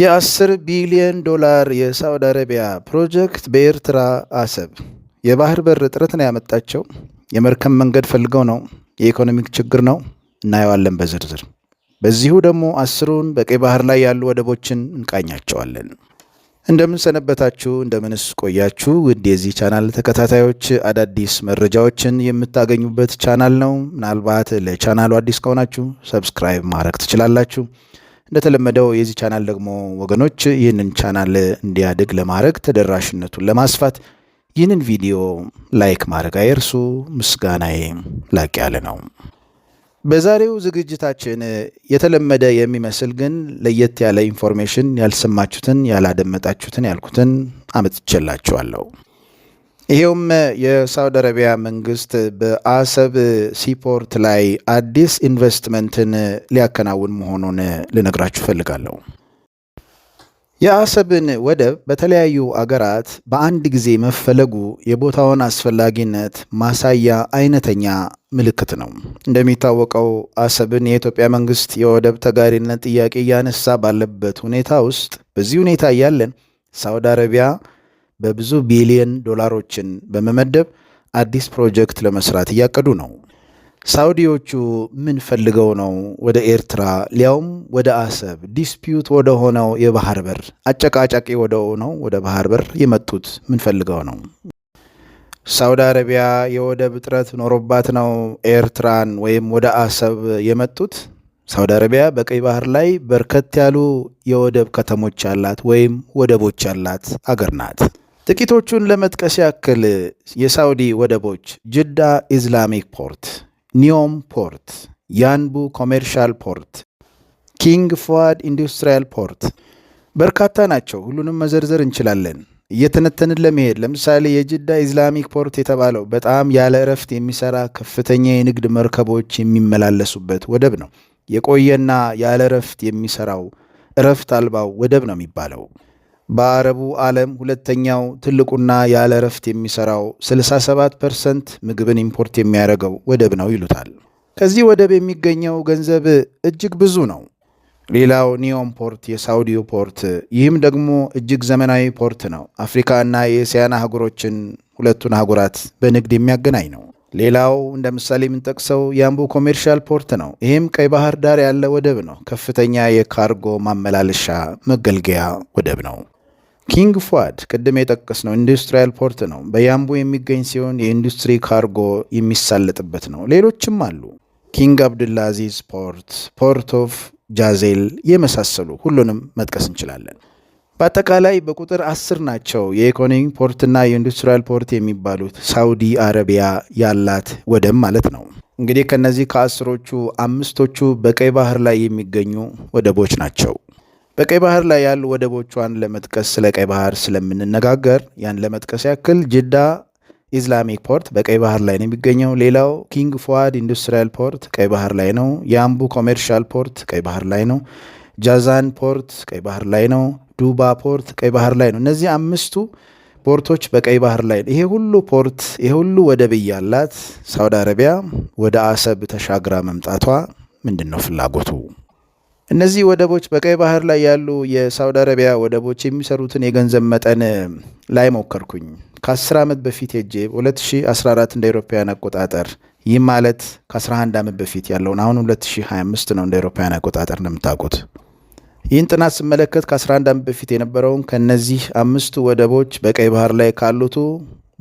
የአስር ቢሊዮን ዶላር የሳውዲ አረቢያ ፕሮጀክት በኤርትራ አሰብ። የባህር በር እጥረት ነው ያመጣቸው። የመርከብ መንገድ ፈልገው ነው። የኢኮኖሚክ ችግር ነው። እናየዋለን በዝርዝር። በዚሁ ደግሞ አስሩን በቀይ ባህር ላይ ያሉ ወደቦችን እንቃኛቸዋለን። እንደምን ሰነበታችሁ፣ እንደምንስ ቆያችሁ? ውድ የዚህ ቻናል ተከታታዮች አዳዲስ መረጃዎችን የምታገኙበት ቻናል ነው። ምናልባት ለቻናሉ አዲስ ከሆናችሁ ሰብስክራይብ ማድረግ ትችላላችሁ። እንደተለመደው የዚህ ቻናል ደግሞ ወገኖች ይህንን ቻናል እንዲያድግ ለማድረግ ተደራሽነቱን ለማስፋት ይህንን ቪዲዮ ላይክ ማድረግ አይርሱ። ምስጋናዬ ላቅ ያለ ነው። በዛሬው ዝግጅታችን የተለመደ የሚመስል ግን ለየት ያለ ኢንፎርሜሽን ያልሰማችሁትን፣ ያላደመጣችሁትን ያልኩትን አመጥቼላችኋለሁ። ይሄውም የሳውዲ አረቢያ መንግስት በአሰብ ሲፖርት ላይ አዲስ ኢንቨስትመንትን ሊያከናውን መሆኑን ልነግራችሁ እፈልጋለሁ። የአሰብን ወደብ በተለያዩ አገራት በአንድ ጊዜ መፈለጉ የቦታውን አስፈላጊነት ማሳያ አይነተኛ ምልክት ነው። እንደሚታወቀው አሰብን የኢትዮጵያ መንግስት የወደብ ተጋሪነት ጥያቄ እያነሳ ባለበት ሁኔታ ውስጥ በዚህ ሁኔታ እያለን ሳውዲ አረቢያ በብዙ ቢሊየን ዶላሮችን በመመደብ አዲስ ፕሮጀክት ለመስራት እያቀዱ ነው። ሳውዲዎቹ ምን ፈልገው ነው ወደ ኤርትራ ሊያውም ወደ አሰብ ዲስፒዩት ወደ ሆነው የባህር በር አጨቃጫቂ ወደ ሆነው ወደ ባህር በር የመጡት? ምን ፈልገው ነው? ሳውዲ አረቢያ የወደብ እጥረት ኖሮባት ነው ኤርትራን ወይም ወደ አሰብ የመጡት? ሳውዲ አረቢያ በቀይ ባህር ላይ በርከት ያሉ የወደብ ከተሞች ያላት ወይም ወደቦች ያላት አገር ናት። ጥቂቶቹን ለመጥቀስ ያክል የሳውዲ ወደቦች ጅዳ ኢስላሚክ ፖርት፣ ኒዮም ፖርት፣ ያንቡ ኮሜርሻል ፖርት፣ ኪንግ ፉአድ ኢንዱስትሪያል ፖርት በርካታ ናቸው። ሁሉንም መዘርዘር እንችላለን። እየተነተንን ለመሄድ ለምሳሌ የጅዳ ኢስላሚክ ፖርት የተባለው በጣም ያለ እረፍት የሚሰራ ከፍተኛ የንግድ መርከቦች የሚመላለሱበት ወደብ ነው። የቆየና ያለ እረፍት የሚሰራው እረፍት አልባው ወደብ ነው የሚባለው። በአረቡ ዓለም ሁለተኛው ትልቁና ያለ እረፍት የሚሰራው 67 ፐርሰንት ምግብን ኢምፖርት የሚያደርገው ወደብ ነው ይሉታል። ከዚህ ወደብ የሚገኘው ገንዘብ እጅግ ብዙ ነው። ሌላው ኒዮም ፖርት የሳውዲው ፖርት፣ ይህም ደግሞ እጅግ ዘመናዊ ፖርት ነው። አፍሪካ እና የእስያን አህጉሮችን ሁለቱን አህጉራት በንግድ የሚያገናኝ ነው። ሌላው እንደ ምሳሌ የምንጠቅሰው የአምቦ ኮሜርሻል ፖርት ነው። ይህም ቀይ ባህር ዳር ያለ ወደብ ነው። ከፍተኛ የካርጎ ማመላለሻ መገልገያ ወደብ ነው። ኪንግ ፉአድ ቅድም የጠቀስ ነው ኢንዱስትሪያል ፖርት ነው። በያምቦ የሚገኝ ሲሆን የኢንዱስትሪ ካርጎ የሚሳለጥበት ነው። ሌሎችም አሉ። ኪንግ አብድላ አዚዝ ፖርት፣ ፖርት ኦፍ ጃዜል የመሳሰሉ ሁሉንም መጥቀስ እንችላለን። በአጠቃላይ በቁጥር አስር ናቸው የኢኮኖሚ ፖርትና የኢንዱስትሪያል ፖርት የሚባሉት ሳውዲ አረቢያ ያላት ወደብ ማለት ነው። እንግዲህ ከነዚህ ከአስሮቹ አምስቶቹ በቀይ ባህር ላይ የሚገኙ ወደቦች ናቸው። በቀይ ባህር ላይ ያሉ ወደቦቿን ለመጥቀስ ስለ ቀይ ባህር ስለምንነጋገር ያን ለመጥቀስ ያክል ጅዳ ኢስላሚክ ፖርት በቀይ ባህር ላይ ነው የሚገኘው። ሌላው ኪንግ ፉአድ ኢንዱስትሪያል ፖርት ቀይ ባህር ላይ ነው። የአምቡ ኮሜርሻል ፖርት ቀይ ባህር ላይ ነው። ጃዛን ፖርት ቀይ ባህር ላይ ነው። ዱባ ፖርት ቀይ ባህር ላይ ነው። እነዚህ አምስቱ ፖርቶች በቀይ ባህር ላይ ይሄ ሁሉ ፖርት ይሄ ሁሉ ወደብ ያላት ሳውዲ አረቢያ ወደ አሰብ ተሻግራ መምጣቷ ምንድን ነው ፍላጎቱ? እነዚህ ወደቦች በቀይ ባህር ላይ ያሉ የሳውዲ አረቢያ ወደቦች የሚሰሩትን የገንዘብ መጠን ላይ ሞከርኩኝ። ከ10 ዓመት በፊት ሄጄ 2014 እንደ አውሮፓውያን አቆጣጠር፣ ይህ ማለት ከ11 ዓመት በፊት ያለውን አሁን 2025 ነው እንደ አውሮፓውያን አቆጣጠር እንደምታውቁት። ይህን ጥናት ስመለከት ከ11 ዓመት በፊት የነበረውን ከነዚህ አምስቱ ወደቦች በቀይ ባህር ላይ ካሉቱ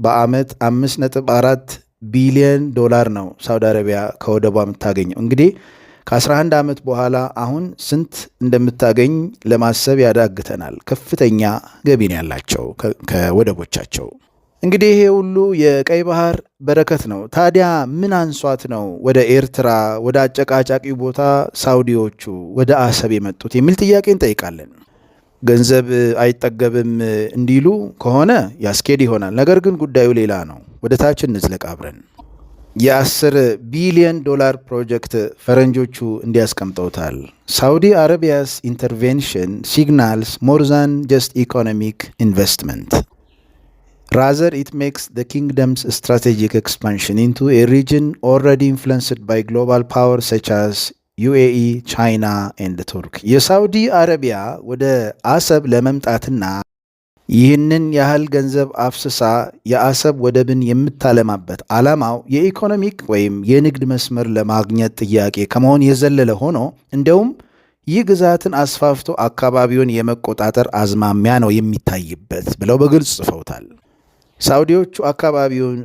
በአመት 5.4 ቢሊዮን ዶላር ነው ሳውዲ አረቢያ ከወደቧ የምታገኘው እንግዲህ ከ11 ዓመት በኋላ አሁን ስንት እንደምታገኝ ለማሰብ ያዳግተናል። ከፍተኛ ገቢን ያላቸው ከወደቦቻቸው እንግዲህ ይሄ ሁሉ የቀይ ባህር በረከት ነው። ታዲያ ምን አንሷት ነው ወደ ኤርትራ፣ ወደ አጨቃጫቂ ቦታ ሳውዲዎቹ፣ ወደ አሰብ የመጡት የሚል ጥያቄ እንጠይቃለን። ገንዘብ አይጠገብም እንዲሉ ከሆነ ያስኬድ ይሆናል። ነገር ግን ጉዳዩ ሌላ ነው። ወደ ታች እንዝለቅ አብረን የአስር ቢሊዮን ዶላር ፕሮጀክት ፈረንጆቹ እንዲያስቀምጠውታል። ሳውዲ አረቢያስ ኢንተርቬንሽን ሲግናልስ ሞር ጀስት ኢኮኖሚክ ኢንቨስትመንት ራዘር ኢት ሜክስ ዘ ኪንግደምስ ስትራቴጂክ ኤክስፓንሽን ኢንቱ ኤ ሪጅን ኦልሬዲ ኢንፍሉንስድ ባይ ግሎባል ፓወር ሰቻስ ዩኤኢ፣ ቻይና ኤንድ ቱርክ የሳውዲ አረቢያ ወደ አሰብ ለመምጣትና ይህንን ያህል ገንዘብ አፍስሳ የአሰብ ወደብን የምታለማበት ዓላማው የኢኮኖሚክ ወይም የንግድ መስመር ለማግኘት ጥያቄ ከመሆን የዘለለ ሆኖ እንደውም ይህ ግዛትን አስፋፍቶ አካባቢውን የመቆጣጠር አዝማሚያ ነው የሚታይበት ብለው በግልጽ ጽፈውታል። ሳውዲዎቹ አካባቢውን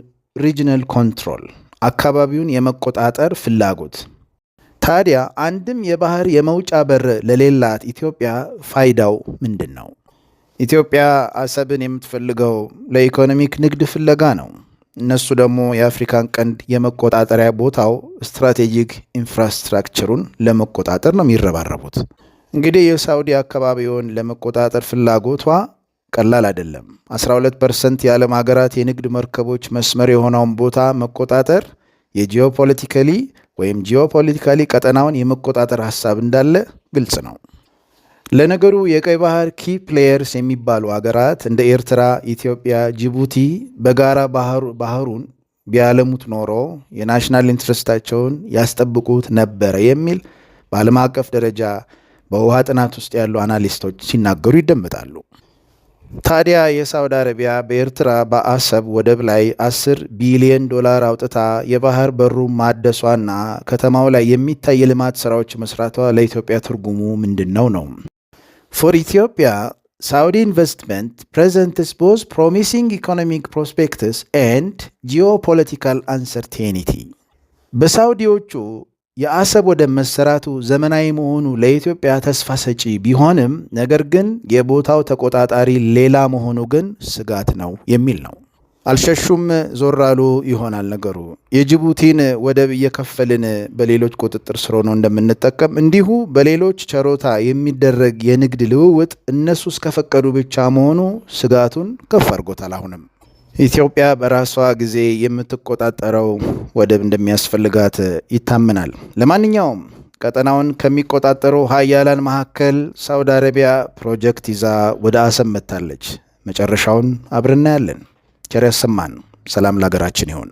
ሪጅናል ኮንትሮል፣ አካባቢውን የመቆጣጠር ፍላጎት ታዲያ አንድም የባህር የመውጫ በር ለሌላት ኢትዮጵያ ፋይዳው ምንድን ነው? ኢትዮጵያ አሰብን የምትፈልገው ለኢኮኖሚክ ንግድ ፍለጋ ነው። እነሱ ደግሞ የአፍሪካን ቀንድ የመቆጣጠሪያ ቦታው ስትራቴጂክ ኢንፍራስትራክቸሩን ለመቆጣጠር ነው የሚረባረቡት። እንግዲህ የሳውዲ አካባቢውን ለመቆጣጠር ፍላጎቷ ቀላል አይደለም። 12 ፐርሰንት የዓለም ሀገራት የንግድ መርከቦች መስመር የሆነውን ቦታ መቆጣጠር የጂኦፖለቲካሊ ወይም ጂኦፖለቲካሊ ቀጠናውን የመቆጣጠር ሀሳብ እንዳለ ግልጽ ነው። ለነገሩ የቀይ ባህር ኪ ፕሌየርስ የሚባሉ አገራት እንደ ኤርትራ፣ ኢትዮጵያ፣ ጅቡቲ በጋራ ባህሩን ቢያለሙት ኖሮ የናሽናል ኢንትረስታቸውን ያስጠብቁት ነበረ የሚል በዓለም አቀፍ ደረጃ በውሃ ጥናት ውስጥ ያሉ አናሊስቶች ሲናገሩ ይደመጣሉ። ታዲያ የሳውዲ አረቢያ በኤርትራ በአሰብ ወደብ ላይ 10 ቢሊዮን ዶላር አውጥታ የባህር በሩ ማደሷና ከተማው ላይ የሚታይ የልማት ስራዎች መስራቷ ለኢትዮጵያ ትርጉሙ ምንድን ነው ነው? For Ethiopia, Saudi investment presents both promising economic prospects and geopolitical uncertainty። በሳውዲዎቹ የአሰብ ወደብ መሰራቱ ዘመናዊ መሆኑ ለኢትዮጵያ ተስፋ ሰጪ ቢሆንም ነገር ግን የቦታው ተቆጣጣሪ ሌላ መሆኑ ግን ስጋት ነው የሚል ነው። አልሸሹም፣ ዞራሉ አሉ ይሆናል ነገሩ። የጅቡቲን ወደብ እየከፈልን በሌሎች ቁጥጥር ስር ሆኖ እንደምንጠቀም እንዲሁ በሌሎች ቸሮታ የሚደረግ የንግድ ልውውጥ እነሱ እስከፈቀዱ ብቻ መሆኑ ስጋቱን ከፍ አድርጎታል። አሁንም ኢትዮጵያ በራሷ ጊዜ የምትቆጣጠረው ወደብ እንደሚያስፈልጋት ይታመናል። ለማንኛውም ቀጠናውን ከሚቆጣጠሩ ሀያላን መካከል ሳውዲ አረቢያ ፕሮጀክት ይዛ ወደ አሰብ መጥታለች። መጨረሻውን አብረን እናያለን። ቸር ያሰማን። ሰላም ለሀገራችን ይሁን።